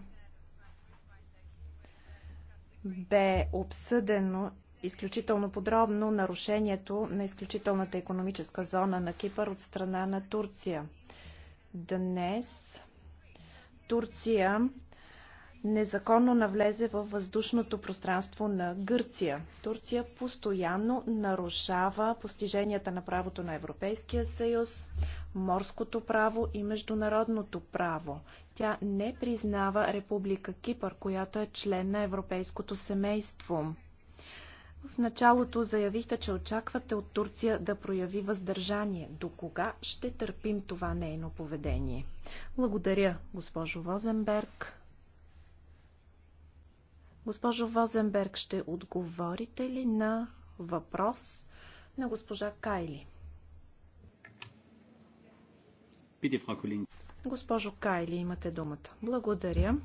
бе обсъдено изключително подробно нарушението на изключителната економическа зона на Кипър от страна на Турция. Днес Турция незаконно навлезе във въздушното пространство на Гърция. Турция постоянно нарушава постиженията на правото на Европейския съюз, морското право и международното право. Тя не признава Република Кипър, която е член на европейското семейство. В началото заявихте, че очаквате от Турция да прояви въздържание. До кога ще търпим това нейно поведение? Благодаря, госпожо Возенберг. Госпожо Возенберг, ще отговорите ли на въпрос на госпожа Кайли? Госпожо Кайли, имате думата. Благодаря.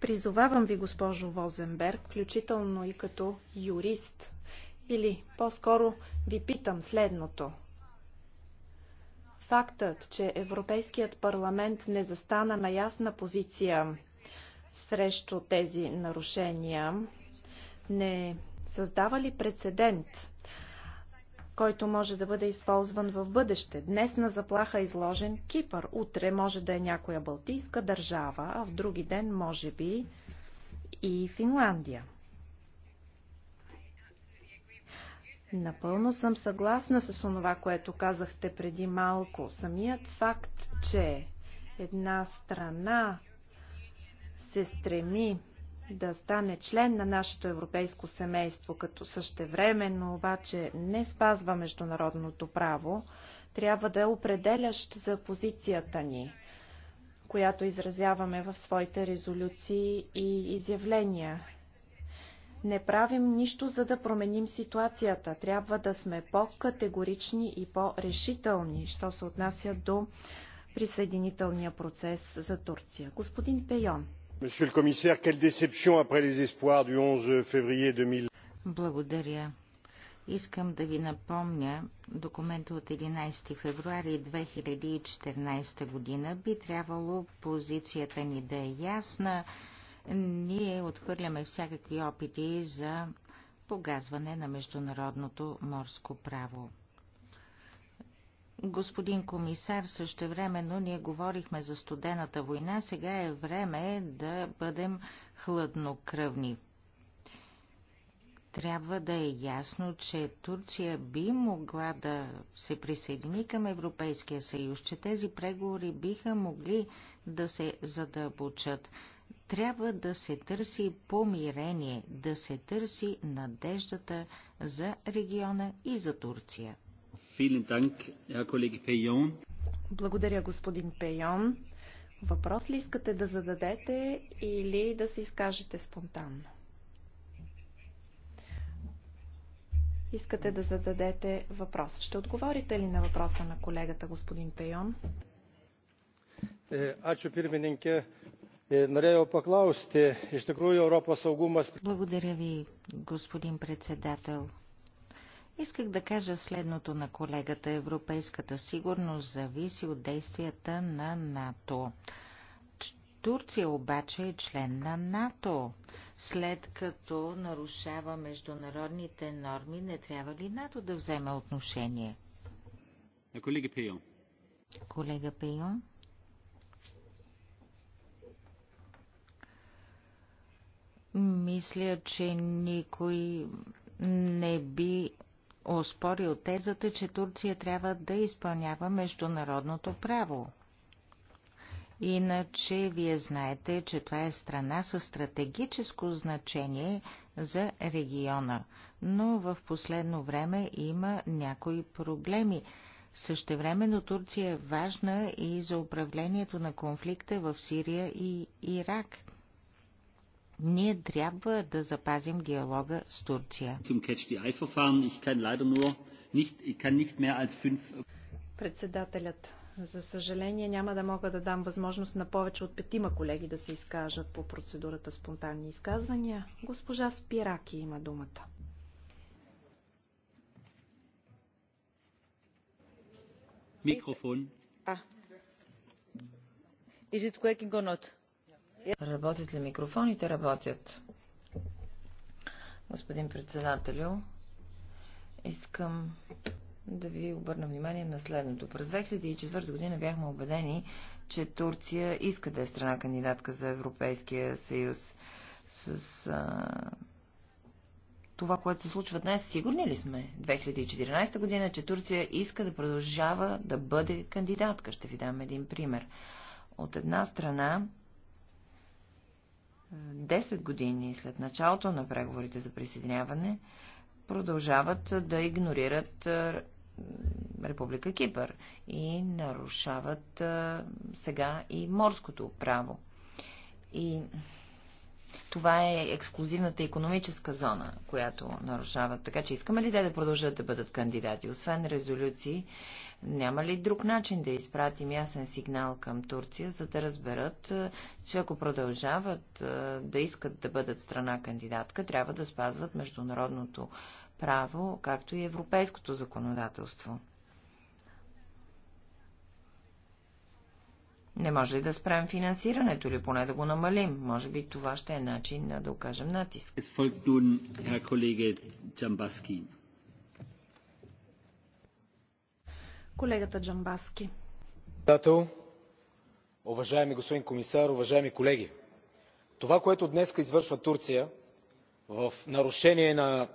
Призовавам ви, госпожо Возенберг, включително и като юрист. Или по-скоро ви питам следното. Фактът, че Европейският парламент не застана на ясна позиция срещу тези нарушения, не създава ли прецедент, който може да бъде използван в бъдеще? Днес на заплаха е изложен Кипър, утре може да е някоя балтийска държава, а в други ден може би и Финландия. Напълно съм съгласна с това, което казахте преди малко. Самият факт, че една страна се стреми да стане член на нашето европейско семейство, като същевременно обаче не спазва международното право, трябва да е определящ за позицията ни, която изразяваме в своите резолюции и изявления. Не правим нищо, за да променим ситуацията. Трябва да сме по-категорични и по-решителни, що се отнася до присъединителния процес за Турция. Господин Пейон. Благодаря. Искам да ви напомня, документа от 11 февруари 2014 година би трябвало позицията ни да е ясна, ние отхвърляме всякакви опити за погазване на международното морско право. Господин комисар, също времено ние говорихме за студената война, сега е време да бъдем хладнокръвни. Трябва да е ясно, че Турция би могла да се присъедини към Европейския съюз, че тези преговори биха могли да се задълбочат трябва да се търси помирение, да се търси надеждата за региона и за Турция. Благодаря, господин Пейон. Въпрос ли искате да зададете или да се изкажете спонтанно? Искате да зададете въпрос. Ще отговорите ли на въпроса на колегата господин Пейон? Е, ачо благодаря ви, господин председател. Исках да кажа следното на колегата. Европейската сигурност зависи от действията на НАТО. Турция обаче е член на НАТО. След като нарушава международните норми, не трябва ли НАТО да вземе отношение? Колега Пейон. Колега Мисля, че никой не би оспорил тезата, че Турция трябва да изпълнява международното право. Иначе вие знаете, че това е страна със стратегическо значение за региона, но в последно време има някои проблеми. Същевременно Турция е важна и за управлението на конфликта в Сирия и Ирак – ние трябва да запазим диалога с Турция. Председателят, за съжаление няма да мога да дам възможност на повече от петима колеги да се изкажат по процедурата спонтанни изказвания. Госпожа Спираки има думата. Микрофон. Is it working or not? Работят ли микрофоните? Работят. Господин председателю, искам да ви обърна внимание на следното. През 2004 година бяхме убедени, че Турция иска да е страна кандидатка за Европейския съюз. С а, това, което се случва днес, сигурни ли сме 2014 година, че Турция иска да продължава да бъде кандидатка? Ще ви дам един пример. От една страна 10 години след началото на преговорите за присъединяване, продължават да игнорират Република Кипър и нарушават сега и морското право. И това е ексклюзивната економическа зона, която нарушават. Така че искаме ли те да продължат да бъдат кандидати? Освен резолюции, няма ли друг начин да изпратим ясен сигнал към Турция, за да разберат, е, че ако продължават е, да искат да бъдат страна кандидатка, трябва да спазват международното право, както и европейското законодателство? Не може ли да спрем финансирането или поне да го намалим? Може би това ще е начин да окажем натиск. Колегата Джамбаски. Председател, уважаеми господин комисар, уважаеми колеги! Това, което днес извършва Турция в нарушение на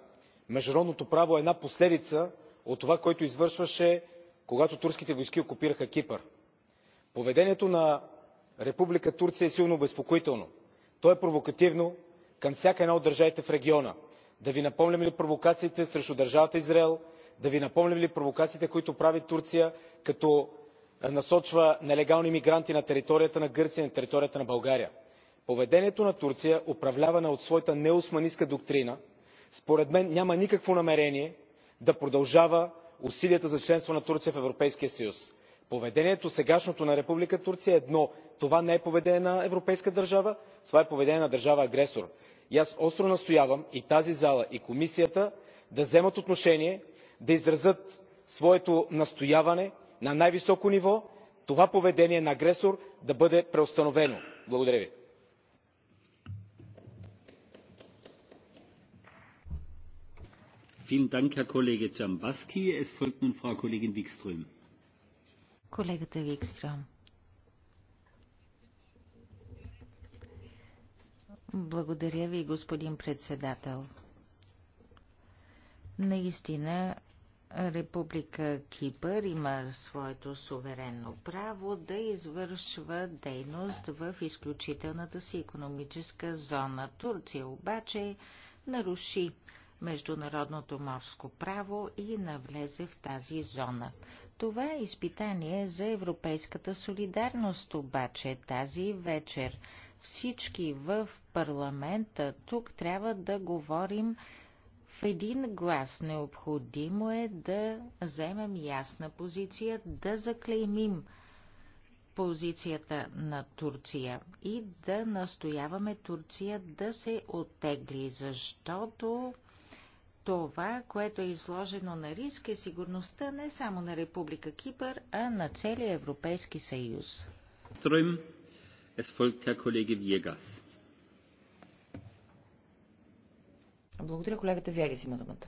международното право е една последица от това, което извършваше, когато турските войски окупираха Кипър поведението на република турция е силно обезпокоително. то е провокативно към всяка една от държавите в региона. да ви напомням ли провокациите срещу държавата израел да ви напомням ли провокациите които прави турция като е, насочва нелегални мигранти на територията на гърция и на територията на българия? поведението на турция управлявана от своята неоосманистка доктрина според мен няма никакво намерение да продължава усилията за членство на турция в европейския съюз поведението сегашното на република турция е едно това не е поведение на европейска държава това е поведение на държава агресор. И аз остро настоявам и тази зала и комисията да вземат отношение да изразят своето настояване на най високо ниво това поведение на агресор да бъде преустановено. благодаря ви. vielen dank herr kollege dzhambazki. es folgt nun frau kollegin wikström. Колегата Викстрам. Благодаря ви, господин председател. Наистина, Република Кипър има своето суверенно право да извършва дейност в изключителната си економическа зона. Турция обаче наруши международното морско право и навлезе в тази зона. Това е изпитание за европейската солидарност обаче тази вечер. Всички в парламента тук трябва да говорим в един глас. Необходимо е да вземем ясна позиция, да заклеймим позицията на Турция и да настояваме Турция да се оттегли, защото това, което е изложено на риск е сигурността не само на Република Кипър, а на целия Европейски съюз. Благодаря, колегата Вягес има думата.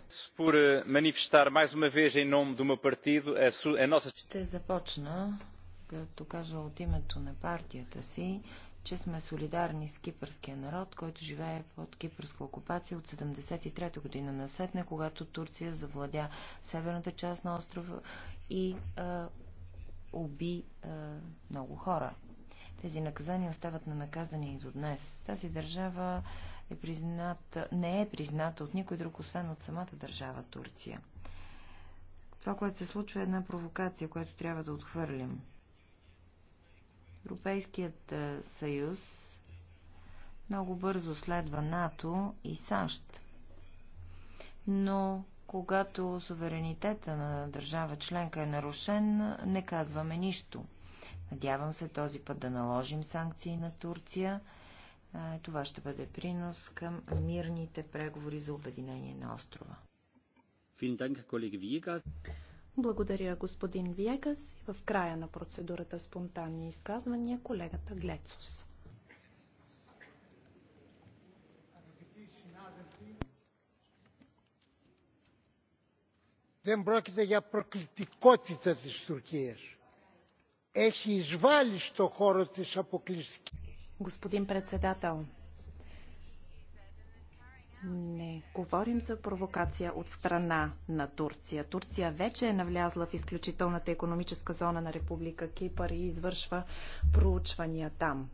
и дума е, е Ще започна, като кажа от името на партията си, че сме солидарни с кипърския народ, който живее под кипърска окупация от 73-та година Сетне, когато Турция завладя северната част на острова и а, уби а, много хора. Тези наказания остават на наказани и до днес. Тази държава е призната, не е призната от никой друг, освен от самата държава Турция. Това, което се случва е една провокация, която трябва да отхвърлим. Европейският е, съюз много бързо следва НАТО и САЩ. Но когато суверенитета на държава членка е нарушен, не казваме нищо. Надявам се този път да наложим санкции на Турция. Е, това ще бъде принос към мирните преговори за обединение на острова. Vielen Dank, благодаря, господин Виегас. В края на процедурата спонтанни изказвания колегата Глецос. Δεν πρόκειται για προκλητικότητα της Τουρκίας. Έχει εισβάλλει στο χώρο της αποκλειστικής. Господин председател, не говорим за провокация от страна на Турция. Турция вече е навлязла в изключителната економическа зона на Република Кипър и извършва проучвания там.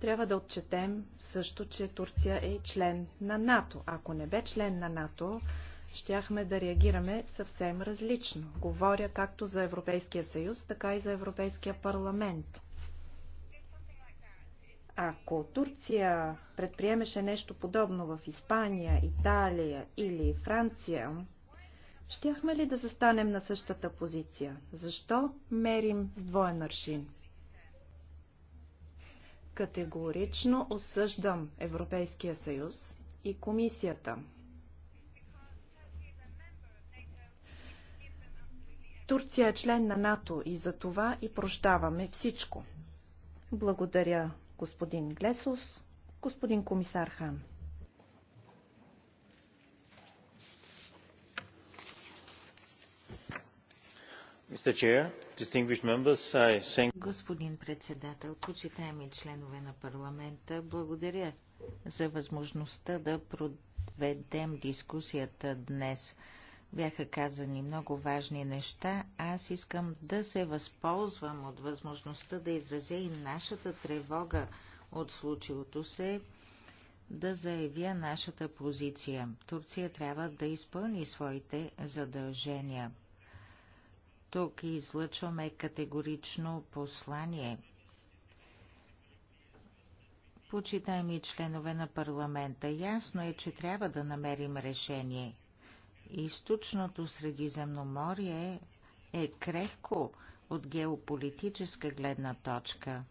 Трябва да отчетем също, че Турция е член на НАТО. Ако не бе член на НАТО, щяхме да реагираме съвсем различно. Говоря както за Европейския съюз, така и за Европейския парламент. Ако Турция предприемеше нещо подобно в Испания, Италия или Франция, щяхме ли да застанем на същата позиция? Защо мерим с двоен аршин? Категорично осъждам Европейския съюз и комисията. Турция е член на НАТО и за това и прощаваме всичко. Благодаря господин Глесос, господин комисар Хан. Господин председател, почитаеми членове на парламента, благодаря за възможността да проведем дискусията днес. Бяха казани много важни неща. Аз искам да се възползвам от възможността да изразя и нашата тревога от случилото се, да заявя нашата позиция. Турция трябва да изпълни своите задължения. Тук излъчваме категорично послание. Почитаеми членове на парламента, ясно е, че трябва да намерим решение – източното Средиземноморие е крехко от геополитическа гледна точка.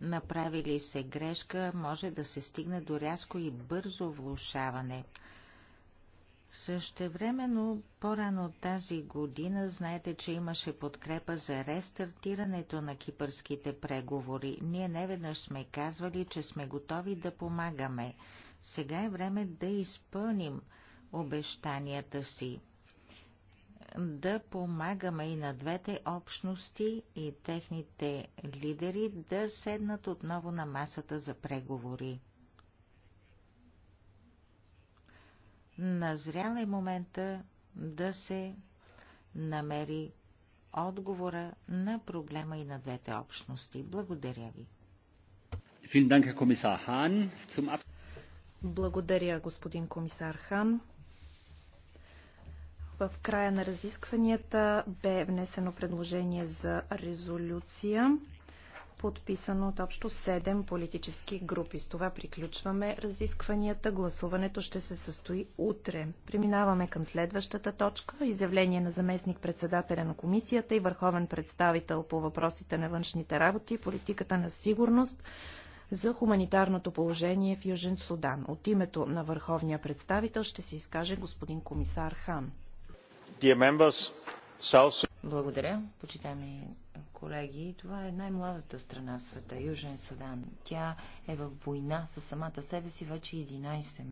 Направили се грешка, може да се стигне до рязко и бързо влушаване. Същевременно, по-рано тази година, знаете, че имаше подкрепа за рестартирането на кипърските преговори. Ние неведнъж сме казвали, че сме готови да помагаме. Сега е време да изпълним обещанията си, да помагаме и на двете общности и техните лидери да седнат отново на масата за преговори. Назрял е момента да се намери отговора на проблема и на двете общности. Благодаря ви. Vielen Dank, Herr Kommissar Hahn. Zum Ab благодаря, господин комисар Хан. В края на разискванията бе внесено предложение за резолюция, подписано от общо 7 политически групи. С това приключваме разискванията. Гласуването ще се състои утре. Преминаваме към следващата точка. Изявление на заместник председателя на комисията и върховен представител по въпросите на външните работи и политиката на сигурност за хуманитарното положение в Южен Судан. От името на върховния представител ще се изкаже господин комисар Хан. Благодаря, почитаеми колеги. Това е най-младата страна в света, Южен Судан. Тя е в война със самата себе си вече 11